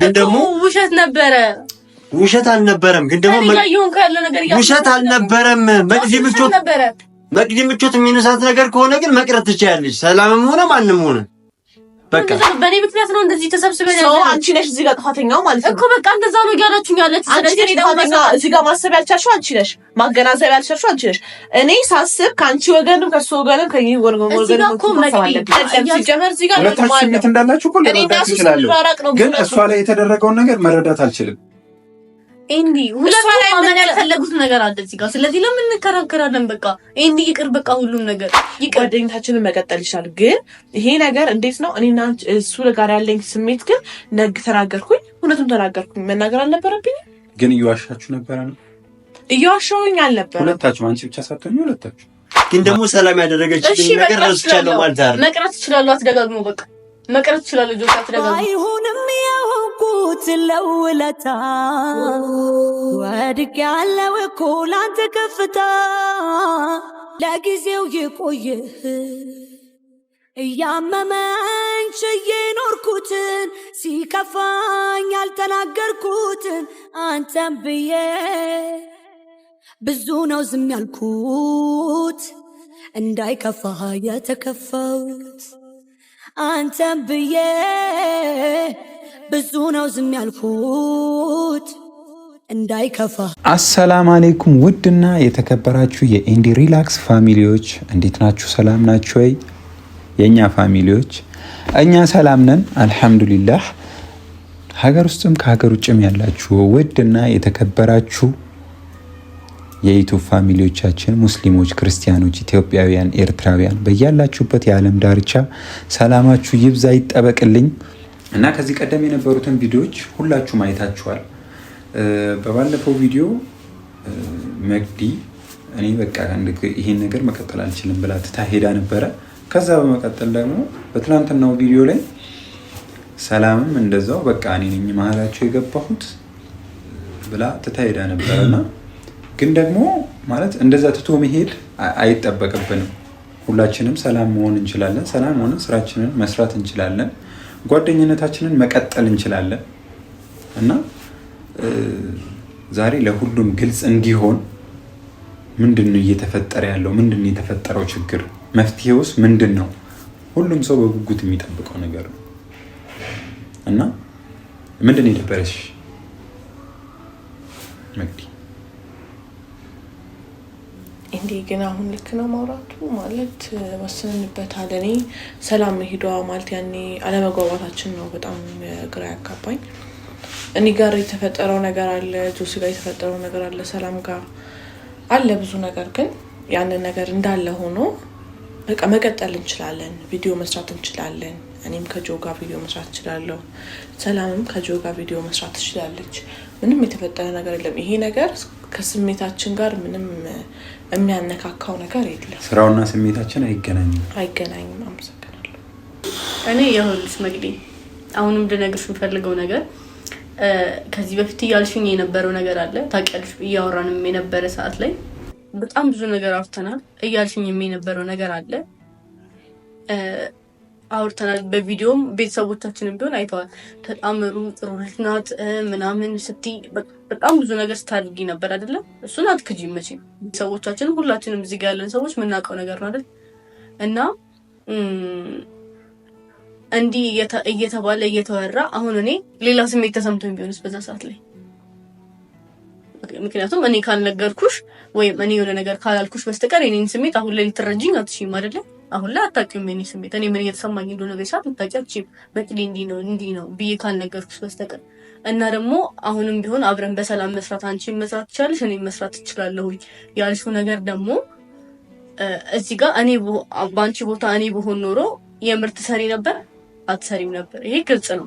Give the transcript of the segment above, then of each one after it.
ግን ደግሞ ውሸት ነበረ። ውሸት አልነበረም። ግን ደግሞ ውሸት አልነበረም። መቅዲ ምቾት መቅዲ ምቾት የሚነሳት ነገር ከሆነ ግን መቅረት ትችያለች። ሰላምም ሆነ ማንም ሆነ በቃ በእኔ ምክንያት ነው እንደዚህ ተሰብስበን ያለ አንቺ ነሽ እዚህ ጋር ጥፋተኛው ማለት ነው እኮ በቃ እንደዛ ነው እያላችሁ ያለች እዚህ ጋር ማሰብ ያልቻልሽው አንቺ ነሽ ማገናዘብ ያልቻልሽው አንቺ ነሽ እኔ ሳስብ ከአንቺ ወገንም ከሱ ወገንም ከይህ ወገንም ወገንም እንዳላችሁ እኮ ግን እሷ ላይ የተደረገውን ነገር መረዳት አልችልም ኤንዲ ሁለቱም ማመን ያልፈለጉት ነገር አለ እዚህ ጋር። ስለዚህ ለምን እንከራከራለን? በቃ ኤንዲ ይቅር፣ በቃ ሁሉም ነገር ይቅር። ጓደኝነታችንን መቀጠል ይችላል። ግን ይሄ ነገር እንዴት ነው? እኔና እሱ ጋር ያለኝ ስሜት ግን ነግ ተናገርኩኝ፣ እውነቱም ተናገርኩኝ። መናገር አልነበረብኝ። ግን እየዋሻችሁ ነበረ ነው? እየዋሻሁኝ አልነበረ። ሁለታችሁ አንቺ ብቻ ሳትሆኝ ሁለታችሁ። ግን ደግሞ ሰላም ያደረገች ነገር ረስቻለሁ ማለት አይደል? መቅረት ይችላሉ። አትደጋግሞ በቃ መቅረት ይችላል። ልጆች አትደጋግም። አይሁንም ያውቁት ለውለታ ወድቅ ያለው እኮ ላንተ ከፍታ ለጊዜው ይቆይ እያመመኝ ችዬ ኖርኩትን ሲከፋኝ ያልተናገርኩትን አንተን ብዬ ብዙ ነው ዝም ያልኩት እንዳይከፋ የተከፋውት አንተም ብዬ ብዙ ነው ዝም ያልኩት እንዳይከፋ። አሰላም አሌይኩም ውድና የተከበራችሁ የኢንዲ ሪላክስ ፋሚሊዎች እንዴት ናችሁ? ሰላም ናችሁ ወይ? የእኛ ፋሚሊዎች እኛ ሰላም ነን አልሐምዱሊላህ። ሀገር ውስጥም ከሀገር ውጭም ያላችሁ ውድና የተከበራችሁ የዩቱብ ፋሚሊዎቻችን ሙስሊሞች፣ ክርስቲያኖች፣ ኢትዮጵያውያን፣ ኤርትራውያን በያላችሁበት የዓለም ዳርቻ ሰላማችሁ ይብዛ ይጠበቅልኝ እና ከዚህ ቀደም የነበሩትን ቪዲዮዎች ሁላችሁ ማየታችኋል። በባለፈው ቪዲዮ መግዲ እኔ በቃ ይሄን ነገር መቀጠል አልችልም ብላ ትታ ሄዳ ነበረ። ከዛ በመቀጠል ደግሞ በትናንትናው ቪዲዮ ላይ ሰላምም እንደዛው በቃ እኔ ነኝ መሀላቸው የገባሁት ብላ ትታ ሄዳ ነበረና ግን ደግሞ ማለት እንደዛ ትቶ መሄድ አይጠበቅብንም። ሁላችንም ሰላም መሆን እንችላለን። ሰላም ሆነ ስራችንን መስራት እንችላለን። ጓደኝነታችንን መቀጠል እንችላለን እና ዛሬ ለሁሉም ግልጽ እንዲሆን ምንድን ነው እየተፈጠረ ያለው? ምንድን ነው የተፈጠረው ችግር? መፍትሄውስ ምንድን ነው? ሁሉም ሰው በጉጉት የሚጠብቀው ነገር ነው እና ምንድን ነው የደበረሽ መግዲ? እንዴ ግን አሁን ልክ ነው ማውራቱ ማለት ወስንንበታል። እኔ ሰላም መሄዷ ማለት ያኔ አለመግባባታችን ነው በጣም ግራ ያጋባኝ። እኔ ጋር የተፈጠረው ነገር አለ፣ ጆሲ ጋር የተፈጠረው ነገር አለ፣ ሰላም ጋር አለ ብዙ ነገር። ግን ያንን ነገር እንዳለ ሆኖ በቃ መቀጠል እንችላለን፣ ቪዲዮ መስራት እንችላለን። እኔም ከጆ ጋር ቪዲዮ መስራት እችላለሁ፣ ሰላምም ከጆ ጋር ቪዲዮ መስራት ትችላለች። ምንም የተፈጠረ ነገር የለም። ይሄ ነገር ከስሜታችን ጋር ምንም የሚያነካካው ነገር የለም። ስራውና ስሜታችን አይገናኝም አይገናኝም። አመሰግናለሁ። እኔ የሆንስ መግዴ አሁንም ልነግርሽ የምፈልገው ነገር ከዚህ በፊት እያልሽኝ የነበረው ነገር አለ ታውቂያለሽ። እያወራንም የነበረ ሰዓት ላይ በጣም ብዙ ነገር አውርተናል። እያልሽኝ የነበረው ነገር አለ አውርተናል። በቪዲዮም ቤተሰቦቻችንም ቢሆን አይተዋል። ተጣመሩ ጥሩነት ናት ምናምን ስትይ በጣም ብዙ ነገር ስታድርጊ ነበር አይደለም? እሱን አትክጂ መቼም። ቤተሰቦቻችንን ሁላችንም እዚህ ጋ ያለን ሰዎች የምናውቀው ነገር ነው አይደል? እና እንዲህ እየተባለ እየተወራ አሁን እኔ ሌላ ስሜት ተሰምቶኝ ቢሆንስ በዛ ሰዓት ላይ ምክንያቱም እኔ ካልነገርኩሽ ወይም እኔ የሆነ ነገር ካላልኩሽ በስተቀር የኔን ስሜት አሁን ላይ ልትረጅኝ አትችይም አይደለም አሁን ላይ አታውቂውም የኔ ስሜት እኔ ምን እየተሰማኝ እንደሆነ በሰዓት ልታውቂ አልችልም። በቅሌ እንዲህ ነው እንዲህ ነው ብዬ ካልነገርኩሽ በስተቀር እና ደግሞ አሁንም ቢሆን አብረን በሰላም መስራት አንቺ መስራት ትችላለሽ፣ እኔ መስራት ትችላለሁኝ ያልሽው ነገር ደግሞ እዚህ ጋር እኔ በአንቺ ቦታ እኔ በሆን ኖሮ የምርት ሰሪ ነበር አትሰሪም ነበር። ይሄ ግልጽ ነው።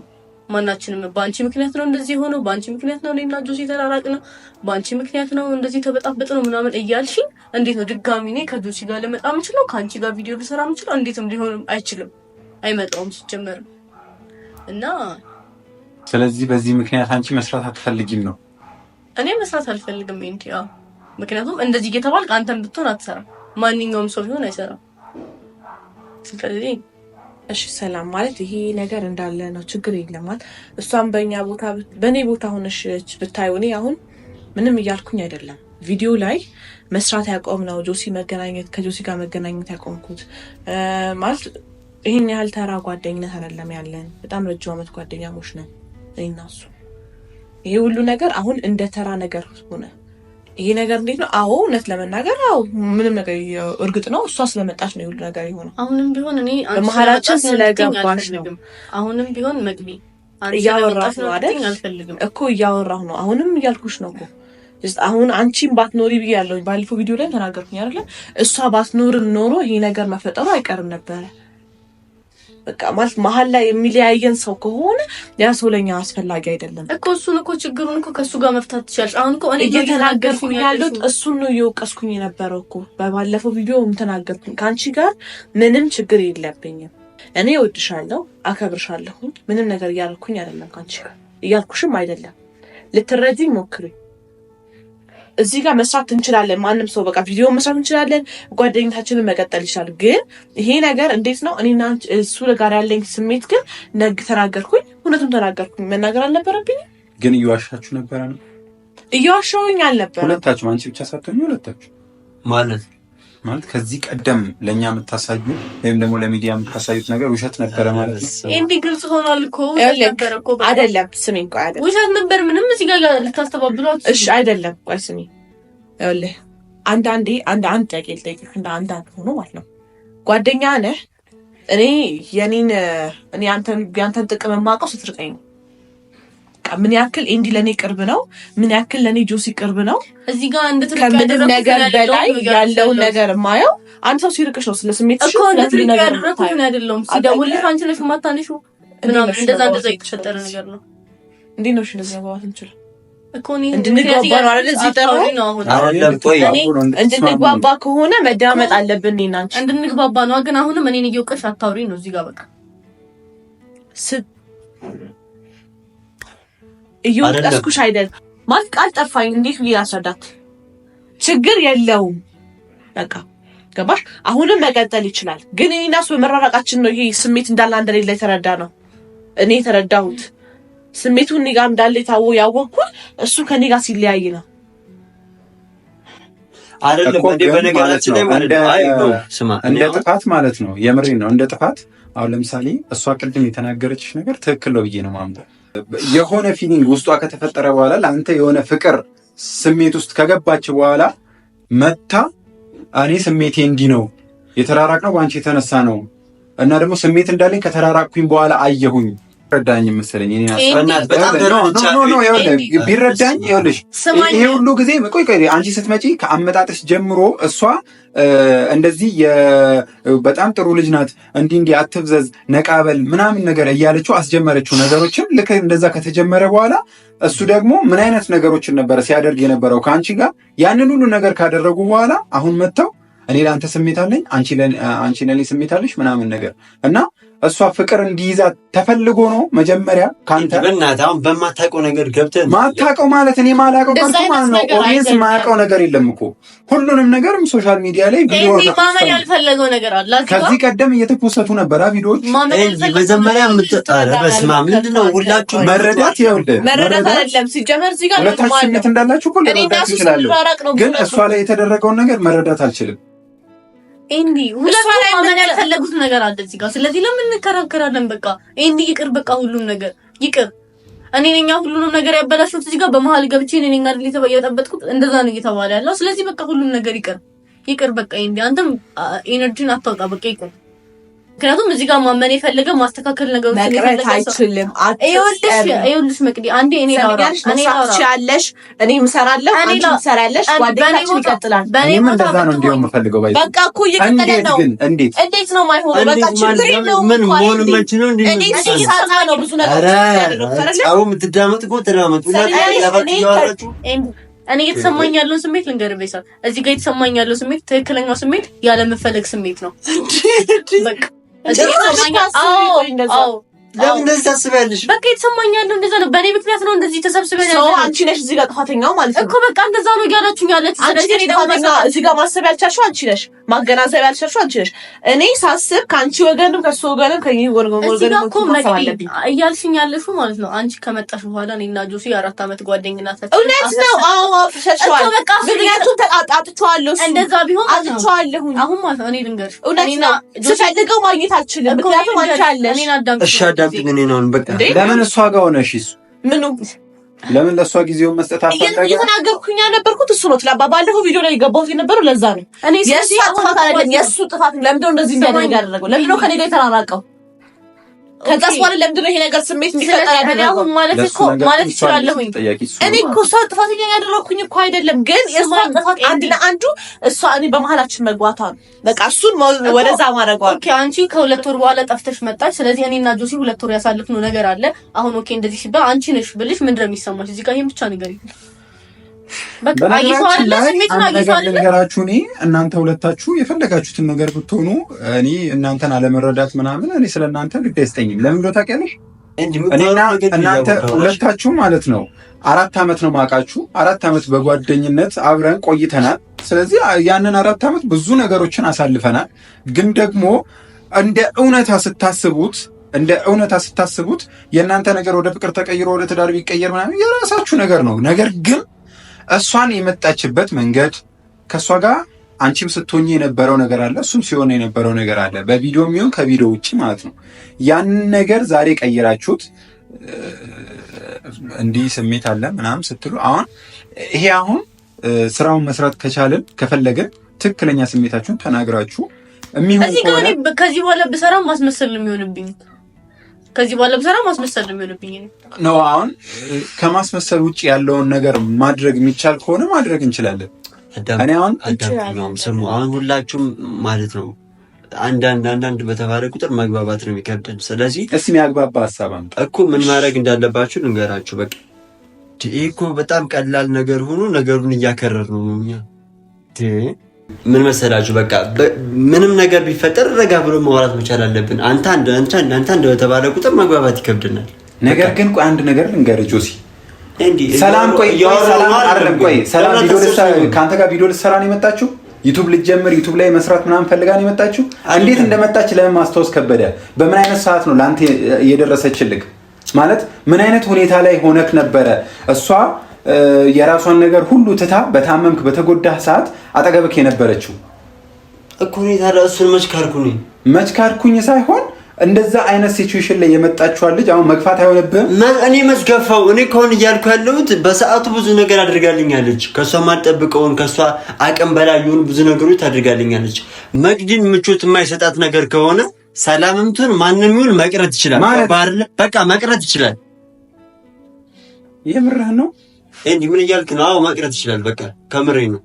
ማናችንም በአንቺ ምክንያት ነው እንደዚህ የሆነው፣ በአንቺ ምክንያት ነው እኔና ጆሲ የተራራቅ ነው፣ በአንቺ ምክንያት ነው እንደዚህ ተበጣበጥ ነው ምናምን እያልሽ እንዴት ነው ድጋሚ እኔ ከጆሲ ጋር ልመጣ ምችለው ከአንቺ ጋር ቪዲዮ ልሰራ ምችለው? እንዴትም ሊሆንም አይችልም፣ አይመጣውም ሲጀመርም እና ስለዚህ በዚህ ምክንያት አንቺ መስራት አትፈልጊም ነው? እኔ መስራት አልፈልግም ንቲ ምክንያቱም እንደዚህ እየተባልክ አንተን ብትሆን አትሰራም። ማንኛውም ሰው ቢሆን አይሰራም። ስለዚህ እሺ ሰላም ማለት ይሄ ነገር እንዳለ ነው፣ ችግር የለማል። እሷም በእኛ ቦታ በእኔ ቦታ ሆነች ብታይ እኔ አሁን ምንም እያልኩኝ አይደለም። ቪዲዮ ላይ መስራት ያቆም ነው ጆሲ መገናኘት ከጆሲ ጋር መገናኘት ያቆምኩት ማለት ይህን ያህል ተራ ጓደኝነት አይደለም ያለን። በጣም ረጅም ዓመት ጓደኛሞች ነን እና እሱ። ይሄ ሁሉ ነገር አሁን እንደ ተራ ነገር ሆነ። ይሄ ነገር እንዴት ነው? አዎ እውነት ለመናገር አዎ፣ ምንም ነገር እርግጥ ነው። እሷ ስለመጣች ነው ይሁሉ ነገር የሆነው። አሁንም ቢሆን እኔ በመሀላችን ስለገባሽ ነው። አሁንም ቢሆን መግቢ እያወራሁ ነው አይደል እኮ እያወራሁ ነው። አሁንም እያልኩሽ ነው እኮ አሁን አንቺም ባትኖሪ ብዬ ያለውኝ ባለፈው ቪዲዮ ላይ ተናገርኩኝ አይደለ? እሷ ባትኖር ኖሮ ይሄ ነገር መፈጠሩ አይቀርም ነበረ። በቃ ማለት መሀል ላይ የሚለያየን ሰው ከሆነ ያ ሰው ለኛ አስፈላጊ አይደለም እኮ። እሱን እኮ ችግሩን እኮ ከእሱ ጋር መፍታት ትችላለች። አሁን እኮ እኔ እየተናገርኩኝ ያለሁት እሱን ነው እየወቀስኩኝ የነበረው እኮ። በባለፈው ቪዲዮ ተናገርኩኝ፣ ከአንቺ ጋር ምንም ችግር የለብኝም፣ እኔ እወድሻለሁ፣ አከብርሻለሁኝ፣ ምንም ነገር እያልኩኝ አይደለም፣ ከአንቺ ጋር እያልኩሽም አይደለም። ልትረጂኝ ሞክሩኝ። እዚህ ጋር መስራት እንችላለን። ማንም ሰው በቃ ቪዲዮ መስራት እንችላለን። ጓደኝነታችንን መቀጠል ይችላል። ግን ይሄ ነገር እንዴት ነው? እኔና እሱ ጋር ያለኝ ስሜት ግን ነግ ተናገርኩኝ፣ እውነቱም ተናገርኩኝ። መናገር አልነበረብኝ። ግን እየዋሻችሁ ነበረ ነው? እየዋሻውኝ አልነበረ። ሁለታችሁ አንቺ ብቻ ሳትሆኚ ሁለታችሁ ማለት ማለት ከዚህ ቀደም ለእኛ የምታሳዩ ወይም ደግሞ ለሚዲያ የምታሳዩት ነገር ውሸት ነበረ ማለት ነው። እንዲህ ግልጽ ሆኗል እኮ አይደለም። ስሚ አይደለም፣ ውሸት ነበር፣ ምንም እዚህ ጋር ልታስተባብሏት። እሺ አይደለም። ቆይ ስሚ፣ ይኸውልህ አንዳንዴ አንድ አንድ ጥያቄ ልጠይቅህ፣ እንደ አንዳንድ ሆኖ ማለት ነው። ጓደኛ ነህ፣ እኔ የኔን እኔ ያንተን ጥቅም የማውቀው ስትርቀኝ ነው በቃ ምን ያክል ኤንዲ ለእኔ ቅርብ ነው፣ ምን ያክል ለእኔ ጆሲ ቅርብ ነው። እዚህ ጋር ከምንም ነገር በላይ ያለውን ነገር ማየው አንድ ሰው ሲርቅሽ ነው። ስለ ስሜት ያደረኩትን አይደለሁም። ሲደውልሽ አንቺ ነሽ የማታነሺ ምናምን እንደዛ እንደዛ የተፈጠረ ነገር ነው። እንዴ ነው እንደዛ መግባት እንችላል እንድንግባባ ከሆነ መዳመጥ አለብን። እኔና አንቺ እንድንግባባ ነዋ። ግን አሁንም እኔን እየወቀሽ አታውሪ ነው እዚህ ጋር በቃ እየወቀስኩሽ አይደል ማለት ቃል ጠፋኝ። እንዴት ብዬ አስረዳት? ችግር የለውም በቃ ገባሽ? አሁንም መቀጠል ይችላል። ግን እኔና እሱ በመራራቃችን ነው ይሄ ስሜት እንዳለ እንደሌለ የተረዳ ነው እኔ የተረዳሁት ስሜቱ እኔ ጋር እንዳለ የታወ ያወቅኩት እሱ ከኔ ጋር ሲለያይ ነው። እንደ ጥፋት ማለት ነው። የምሬ ነው። እንደ ጥፋት አሁን ለምሳሌ እሷ ቅድም የተናገረችሽ ነገር ትክክል ነው ብዬ ነው ማምጣት የሆነ ፊሊንግ ውስጧ ከተፈጠረ በኋላ ለአንተ የሆነ ፍቅር ስሜት ውስጥ ከገባች በኋላ መታ እኔ ስሜቴ እንዲህ ነው፣ የተራራቅ ነው በአንቺ የተነሳ ነው እና ደግሞ ስሜት እንዳለኝ ከተራራቅኩኝ በኋላ አየሁኝ ረዳኝ መሰለኝ ቢረዳኝ። ይኸውልሽ ይሄ ሁሉ ጊዜ ቆይ ቆይ አንቺ ስትመጪ ከአመጣጥሽ ጀምሮ እሷ እንደዚህ በጣም ጥሩ ልጅ ናት፣ እንዲህ እንዲህ አትብዘዝ፣ ነቃበል ምናምን ነገር እያለችው አስጀመረችው ነገሮችን። ልክ እንደዛ ከተጀመረ በኋላ እሱ ደግሞ ምን አይነት ነገሮችን ነበረ ሲያደርግ የነበረው ከአንቺ ጋር? ያንን ሁሉ ነገር ካደረጉ በኋላ አሁን መጥተው እኔ ለአንተ ስሜት አለኝ፣ አንቺ ለእኔ ስሜት አለሽ ምናምን ነገር እና እሷ ፍቅር እንዲይዛት ተፈልጎ ነው መጀመሪያ ከአንተ በእናትህ አሁን በማታውቀው ነገር ገብተህ ማታውቀው ማለት እኔ ማላውቀው ቀርቶ ማለት ነው። ኦዲየንስ ማያውቀው ነገር የለም እኮ ሁሉንም ነገርም ሶሻል ሚዲያ ላይ ቪዲዮ ነገር ከዚህ ቀደም እየተፖሰቱ ነበር ቪዲዮዎች። መጀመሪያ የምትጣለ በስማ ምንድን ነው ሁላችሁ መረዳት ይኸውልህ፣ መረዳት አይደለም ሲጀመር እዚህ ጋር ሁለታችሁ ስሜት እንዳላችሁ ሁሉ መረዳት ይችላሉ፣ ግን እሷ ላይ የተደረገውን ነገር መረዳት አልችልም። ኤንዲ ማመን ያልፈለጉት ነገር አለ እዚህ ጋር። ስለዚህ ለምን እንከራከራለን? በቃ ኤንዲ ይቅር፣ በቃ ሁሉም ነገር ይቅር። እኔ ነኛ ሁሉንም ነገር ያበላሽሁት እዚህ ጋር በመሀል ገብቼ እኔ ነኛ አይደል እየጠበጥኩት፣ እንደዛ ነው እየተባለ ያለው። ስለዚህ በቃ ሁሉም ነገር ይቅር፣ ይቅር፣ በቃ ኤንዲ አንተም ኤነርጂን አታውጣ፣ በቃ ይቅር። ምክንያቱም እዚህ ጋር ማመን የፈለገ ማስተካከል ነገሮች መቅረት አይችልም። ይኸውልሽ መቅዲ አንዴ እኔ ያለሽ እኔ ምሰራለሁ አንቺ ጓደኛችን ይቀጥላል። እንደዛ ነው እንዲሆን የምፈልገው። በቃ እኮ እየቀጠለ ነው። እንዴት ነው በቃ ችግር ምን መሆን ነው ብዙ የምትዳመጥ እኔ እየተሰማኝ ያለውን ስሜት ልንገርህ ቤሳ፣ እዚህ ጋር የተሰማኝ ያለው ስሜት ትክክለኛው ስሜት ያለመፈለግ ስሜት ነው። ለምን እንደዚህ ታስቢያለሽ? በቃ የተሰማኛለሁ እንደዛ ነው። በእኔ ምክንያት ነው እንደዚህ ተሰብስበን ያለ አንቺ ነሽ እዚህ ጋር ጥፋተኛው ማለት ነው እኮ በቃ እንደዛ ነው እያላችሁ ያለች። ስለዚህ እዚህ ጋር ማሰብ ያልቻልሽው አንቺ ነሽ። ማገናዘብ ያልሸርሹ አንቺ ነሽ። እኔ ሳስብ ከአንቺ ወገንም ከሱ ወገንም ከዚህ ወገንም እያልሽኝ ያለሹ ማለት ነው። አንቺ ከመጣሽ በኋላ እኔና ጆሲ የአራት ዓመት ጓደኝነት እውነት ነው። አዎ ሸሸዋል። ምክንያቱም አጥቼዋለሁ፣ እንደዛ ቢሆን አጥቼዋለሁ። አሁን ማለት ነው እኔ ልንገርሽ፣ ስፈልገው ማግኘት አልችልም። ምክንያቱም አንቺ አለሽ። እሺ አዳምጪኝ። እኔን አሁን በቃ ለምን እሷ ጋር ሆነሽ እሱ ምኑ ለምን ለእሷ ጊዜውን መስጠት አፈለገ? እየተናገርኩኝ ያነበርኩት እሱ ነው። ትላባ ባለፈው ቪዲዮ ላይ የገባሁት የነበረው ለዛ ነው። እኔ የእሷ ጥፋት አይደለም፣ የእሱ ጥፋት። ለምንድነው እንደዚህ እንዲያደርግ ያደረገው? ለምንድነው ከኔ ጋር የተራራቀው? ከዛ በኋላ ለምንድነው ይሄ ነገር ስሜት የሚፈጠር ያደረገው? ማለት እኮ ማለት ይችላለሁኝ። እኔ እኮ እሷ ጥፋተኛ ያደረኩኝ እኮ አይደለም፣ ግን እሷ ጥፋት አንድና አንዱ እሷ እኔ በመሀላችን መግባቷ ነው። በቃ እሱን ወደዛ ማድረጓ። ኦኬ አንቺ ከሁለት ወር በኋላ ጠፍተሽ መጣች። ስለዚህ እኔና ጆሲ ሁለት ወር ያሳልፍነው ነገር አለ። አሁን ኦኬ እንደዚህ ሲባል አንቺ ነሽ ብልሽ ምንድነው የሚሰማሽ? እዚህ ጋር ይሄን ብቻ ነገር ነገራችሁ እኔ እናንተ ሁለታችሁ የፈለጋችሁትን ነገር ብትሆኑ እኔ እናንተን አለመረዳት ምናምን እኔ ስለ እናንተ ግድ አይስጠኝም። ለምን ዶ እኔና እናንተ ሁለታችሁ ማለት ነው አራት ዓመት ነው ማውቃችሁ። አራት ዓመት በጓደኝነት አብረን ቆይተናል። ስለዚህ ያንን አራት ዓመት ብዙ ነገሮችን አሳልፈናል። ግን ደግሞ እንደ እውነታ ስታስቡት እንደ እውነታ ስታስቡት የእናንተ ነገር ወደ ፍቅር ተቀይሮ ወደ ትዳር ቢቀየር ምናምን የራሳችሁ ነገር ነው። ነገር ግን እሷን የመጣችበት መንገድ ከእሷ ጋር አንቺም ስትሆኝ የነበረው ነገር አለ፣ እሱም ሲሆን የነበረው ነገር አለ። በቪዲዮ የሚሆን ከቪዲዮ ውጭ ማለት ነው። ያንን ነገር ዛሬ ቀይራችሁት እንዲህ ስሜት አለ ምናምን ስትሉ አሁን ይሄ አሁን ስራውን መስራት ከቻልን ከፈለግን ትክክለኛ ስሜታችሁን ተናግራችሁ የሚሆን ከዚህ በኋላ ብሰራ ማስመሰል ነው የሚሆንብኝ። ከዚህ በኋላ ብሰራ ማስመሰል ነው የሚሆንብኝ ነው። አሁን ከማስመሰል ውጭ ያለውን ነገር ማድረግ የሚቻል ከሆነ ማድረግ እንችላለን። እኔ አሁን ስሙ፣ አሁን ሁላችሁም ማለት ነው አንዳንድ አንዳንድ በተባለ ቁጥር መግባባት ነው የሚከብደን። ስለዚህ እስኪ የሚያግባባ ሀሳብ እኮ ምን ማድረግ እንዳለባችሁ ልንገራችሁ። በቃ ይሄ እኮ በጣም ቀላል ነገር ሆኖ ነገሩን እያከረር ነው እኛ ምን መሰላችሁ፣ በቃ ምንም ነገር ቢፈጠር ረጋ ብሎ ማውራት መቻል አለብን። አንተ አንተ እንደተባለ ቁጥር መግባባት ይከብድናል። ነገር ግን አንድ ነገር ልንገር ጆሲ ሰላም ቆይ ሰላም ከአንተ ጋር ቪዲዮ ልሰራ ነው የመጣችሁ ዩቱብ ልጀምር ዩቱብ ላይ መስራት ምናምን ፈልጋ ነው የመጣችሁ። እንዴት እንደመጣች ለምን ማስታወስ ከበደ? በምን አይነት ሰዓት ነው ለአንተ የደረሰችልክ? ማለት ምን አይነት ሁኔታ ላይ ሆነክ ነበረ እሷ የራሷን ነገር ሁሉ ትታ በታመምክ በተጎዳህ ሰዓት አጠገብክ የነበረችው እኮ እኔ። ታዲያ እሱን መች ካርኩኝ መች ካርኩኝ ሳይሆን እንደዛ አይነት ሲቹዌሽን ላይ የመጣችኋል ልጅ አሁን መግፋት አይሆንብህም። እኔ መች ገፋው? እኔ ከሆን እያልኩ ያለሁት በሰዓቱ ብዙ ነገር አድርጋልኛለች። ከእሷ ማጠብቀውን ከእሷ አቅም በላይ የሆኑ ብዙ ነገሮች ታድርጋልኛለች። መግድን ምቾት የማይሰጣት ነገር ከሆነ ሰላምም ትሁን ማንም ይሁን መቅረት ይችላል። በቃ መቅረት ይችላል። የምርህ ነው? እንዴ ምን እያልክ ነው? አዎ ማቅረት ይችላል። በቃ ከምሬ ነው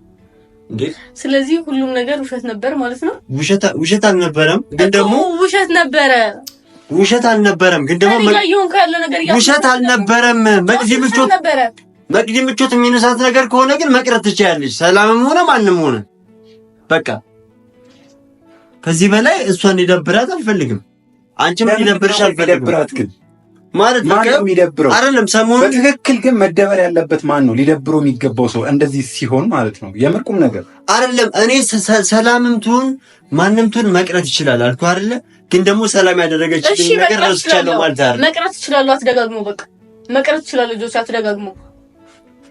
እንዴ። ስለዚህ ሁሉም ነገር ውሸት ነበር ማለት ነው። ውሸት ውሸት አልነበረም፣ ግን ደግሞ ውሸት ነበረ። ውሸት አልነበረም፣ ግን ደግሞ ውሸት አልነበረም። መቅዲ ምቾት መቅዲ ምቾት የሚነሳት ነገር ከሆነ ግን መቅረት ትችላለች። ሰላምም ሆነ ማንም ሆነ በቃ ከዚህ በላይ እሷን ሊደብራት አልፈልግም። አንቺም ሊደብርሽ አልፈልግም። ማለት ነው የሚደብረው አይደለም። ሰሞኑን በትክክል ግን መደበር ያለበት ማን ነው? ሊደብሮ የሚገባው ሰው እንደዚህ ሲሆን ማለት ነው። የምርቁም ነገር አይደለም። እኔ ሰላምም ትሁን ማንም ትሁን መቅረት ይችላል አልኩ አይደለ? ግን ደግሞ ሰላም ያደረገች ነገር ረስቻለሁ ማለት አይደለም። መቅረት ይችላል አትደጋግሞ በቃ መቅረት ይችላል ልጆች አትደጋግሞ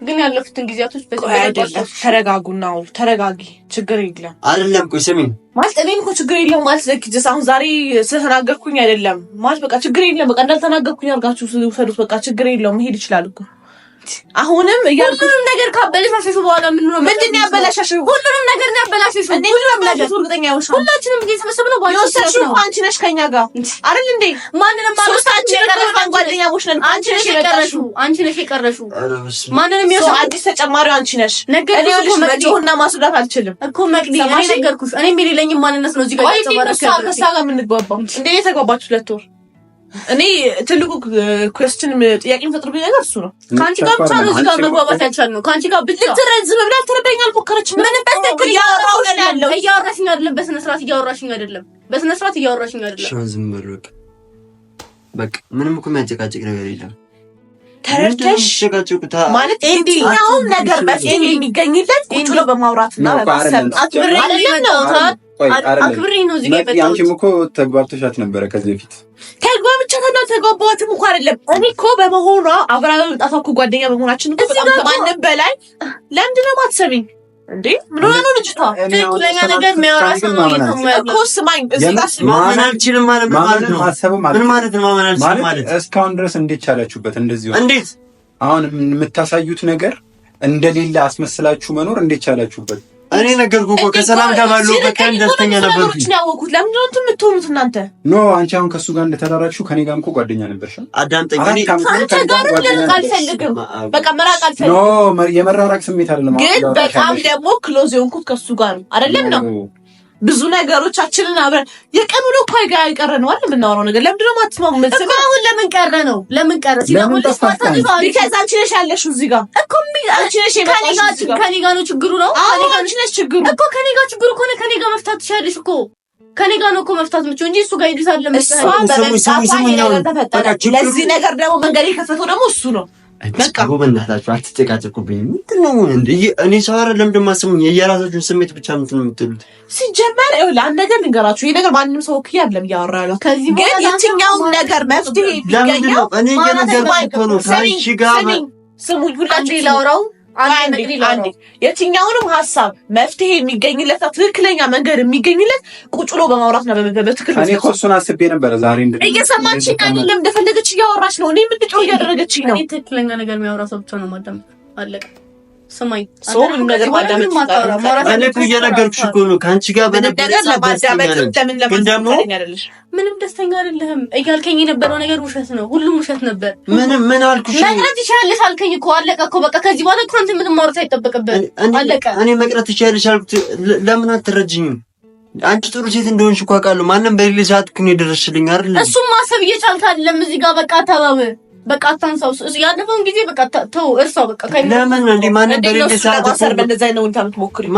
ግን ያለፉትን ጊዜያቶች አይደለም። ተረጋጉና ተረጋጊ፣ ችግር የለም አይደለም። ቆይ ስሚኝ ማለት እኔም እኮ ችግር የለም ማለት ዘግጅስ አሁን ዛሬ ስለተናገርኩኝ አይደለም ማለት በቃ ችግር የለም በቃ እንዳልተናገርኩኝ አድርጋችሁ ውሰዱት። በቃ ችግር የለውም መሄድ ይችላል እኮ አሁንም ሁሉንም ነገር ካበለሻሸሹ በኋላ ምን ነው ያበላሸሹ? ሁሉንም ነገር ሁሉንም ነገር እርግጠኛ ሁላችንም ነው። አንቺ ነሽ ከኛ ጋር እንዴ? ማንንም ነን። አንቺ ነሽ አንቺ ነሽ ማንንም አዲስ ተጨማሪ አንቺ ነሽ። ነገርኩሽ፣ አልችልም እኮ መቅዲ። እኔ የሌለኝም ማንነት ነው እዚህ ጋር ሁለት ወር እኔ ትልቁ ኩስችን ጥያቄ የሚፈጥርብኝ ነገር እሱ ነው። ከአንቺ ጋር ብቻ ነው ጋር መግባባት ያልቻል ነው። ከአንቺ ጋር ብትረዝም ብላ ትረዳኝ አልሞከረችም። ምንም በትክክል እያወራሽኝ አይደለም። በስነ ስርዓት እያወራሽኝ አይደለም። በስነ ስርዓት እያወራሽኝ አይደለም። ዝም በልበቅ በቃ። ምንም እኮ የሚያጨቃጭቅ ነገር የለም። ተረድተሽ ማለት የትኛውም ነገር በስ የሚገኝለት ቁጭ ብሎ በማውራትና በማሰብ ነው አክብሬ ነው እዚህ ጋር አንቺም እኮ ተግባብተሻት ነበረ ከዚህ በፊት ተግባባትም እኮ አይደለም። እኔ እኮ በመሆኗ አብራ ጓደኛ በመሆናችን እኮ በጣም ከማንም በላይ ለምንድን ነው የማትሰሚኝ? እስካሁን ድረስ እንዴት ቻላችሁበት? እንደዚህ እንዴት አሁን የምታሳዩት ነገር እንደሌለ አስመስላችሁ መኖር እንዴት ቻላችሁበት? እኔ ነገርኩህ እኮ ከሰላም ጋር ባለሁበት ቀን ደስተኛ ነበርኩኝ። ያወኩት ለምንድን ነው እንትን የምትሆኑት እናንተ? ኖ አንቺ አሁን ከሱ ጋር እንደተዳራችሁ ከኔ ጋርም እኮ ጓደኛ ነበርሽ። አዳምጠኝ። በቃ መራቅ አልፈልግም። የመራራቅ ስሜት አይደለም፣ ግን በጣም ደግሞ ክሎዝ የሆንኩት ከሱ ጋር አይደለም ነው ብዙ ነገሮቻችንን አብረን የቀን ውሎ እኮ ጋ የቀረ ነው አይደል? የምናወራው ነገር ለምንድን ነው እኮ አሁን ለምን ቀረ ነው ለምን ቀረ ሲለሙን ነው። ቢከዛ አንቺ ነሽ ያለሽው እዚህ ጋር እኮ አንቺ ነሽ ከኔ ጋር ነው ችግሩ ነው አንቺ ነሽ ችግሩ እኮ ከኔ ጋር ችግሩ ከሆነ ከኔ ጋር መፍታት ትችያለሽ እኮ ከኔ ጋር ነው እኮ መፍታት ምችው እንጂ እሱ ጋር ሂዱት አለ። እሷ በመምጣቷ ነገር ተፈጠረ። ለዚህ ነገር ደግሞ መንገድ የከፈተው ደግሞ እሱ ነው። በቃ በእናታችሁ አትጨቃጨቁብኝ። ምንድነው እንደ እኔ ሰው አረ አይደለም እንደማስሙኝ የየራሳችሁን ስሜት ብቻ ምንትን የምትሉት ሲጀመር ለአንድ ነገር ልንገራችሁ። ይህ ነገር ማንም ሰው ክያ አይደለም እያወራ ያለው ግን የትኛውን ነገር መፍትሄ የሚገኘው እኔ የነገር ነው። ታሪሽ ጋር ስሙኝ ሁላችሁ ይላውራው የትኛውንም ሀሳብ መፍትሄ የሚገኝለት ትክክለኛ መንገድ የሚገኝለት ቁጭ ብሎ በማውራት ነው። በትክክል እኔ እኮ እሱን አስቤ ነበረ። ዛሬ እየሰማችኝ አይደለም፣ እንደፈለገች እያወራች ነው። እኔ ምንድን ነው እያደረገችኝ ነው? ትክክለኛ ነገር የሚያወራ ሰው ብቻ ነው ማዳም አለቀ። ስማኝ ሰውም ነገር ማዳመጥ እየነገርኩሽ እኮ ነው። ከአንቺ ጋር ምንም ደስተኛ አይደለህም እያልከኝ የነበረው ነገር ውሸት ነው። ሁሉም ውሸት ነበር። ምንም ምን አልኩሽ? መቅረት ይችላልሽ አልከኝ እኮ አለቀ እኮ በቃ። ከዚህ በኋላ እኮ አንተ ምንም ማውራት አይጠበቅብህም አለቀ። እኔ መቅረት ይችላልሽ አልኩት። ለምን አትረጅኝም? አንቺ ጥሩ ሴት እንደሆንሽ እኮ አውቃለሁ። ማንም በሌለ ሰዓት አይደል? እሱም ማሰብ እየቻልክ አይደለም እዚህ ጋር በቃ ተባብ በቃ አታንሳው። ያለፈውን ጊዜ በቃ ተው፣ እርሳው። በቃ ለምን እንዴ? ማንም በሌለ ሰዓት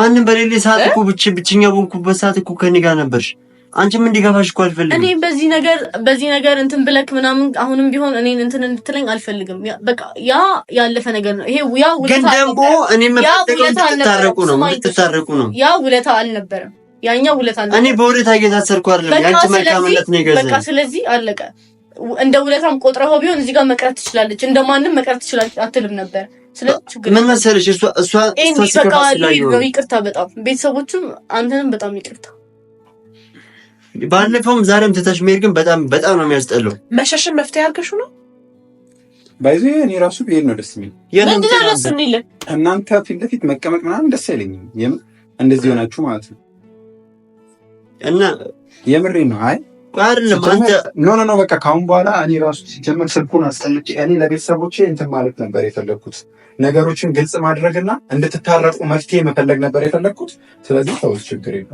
ማንም በሌለ ሰዓት እኮ ብቻ ብቸኛ በሆንኩበት ሰዓት እኮ ከኔ ጋር ነበርሽ። አንቺም እንዲከፋሽ እኮ አልፈልግም። እኔ በዚህ ነገር በዚህ ነገር እንትን ብለክ ምናምን አሁንም ቢሆን እኔን እንትን እንድትለኝ አልፈልግም። በቃ ያ ያለፈ ነገር ነው። ይሄ ያ ግን ደግሞ እኔ የምፈልገው እንድትታረቁ ነው፣ እንድትታረቁ ነው። ያ ውለታ አልነበረም፣ ያኛው ውለታ አልነበረም። እኔ በውለታ እየታሰርኩ አይደለም፣ ያንቺ መልካምነት ነው የገዛኝ። በቃ ስለዚህ አለቀ። እንደ ውለታም ቆጥረው ቢሆን እዚህ ጋር መቅረት ትችላለች፣ እንደማንም መቅረት ትችላለች አትልም ነበር። ምን መሰለሽ እሷ እሷ ይቅርታ በጣም ቤተሰቦቹም አንተንም በጣም ይቅርታ። ባለፈውም ዛሬም ትተሽ መሄድ ግን በጣም በጣም ነው የሚያስጠላው። መሸሽን መፍትሄ አድርገሽ ነው ባይዞ እኔ ራሱ ብሄድ ነው ደስ የሚል። እናንተ ፊት ለፊት መቀመጥ ምናምን ደስ አይለኝም። እንደዚህ ሆናችሁ ማለት ነው እና የምሬ ነው አይ ኖ ኖ ኖ በቃ ካሁን በኋላ እኔ ራሱ ሲጀምር ስልኩን አስቀምጬ እኔ ለቤተሰቦቼ እንትን ማለት ነበር የፈለግኩት፣ ነገሮችን ግልጽ ማድረግና እንድትታረቁ መፍትሄ መፈለግ ነበር የፈለግኩት። ስለዚህ ሰዎች ችግር የለው።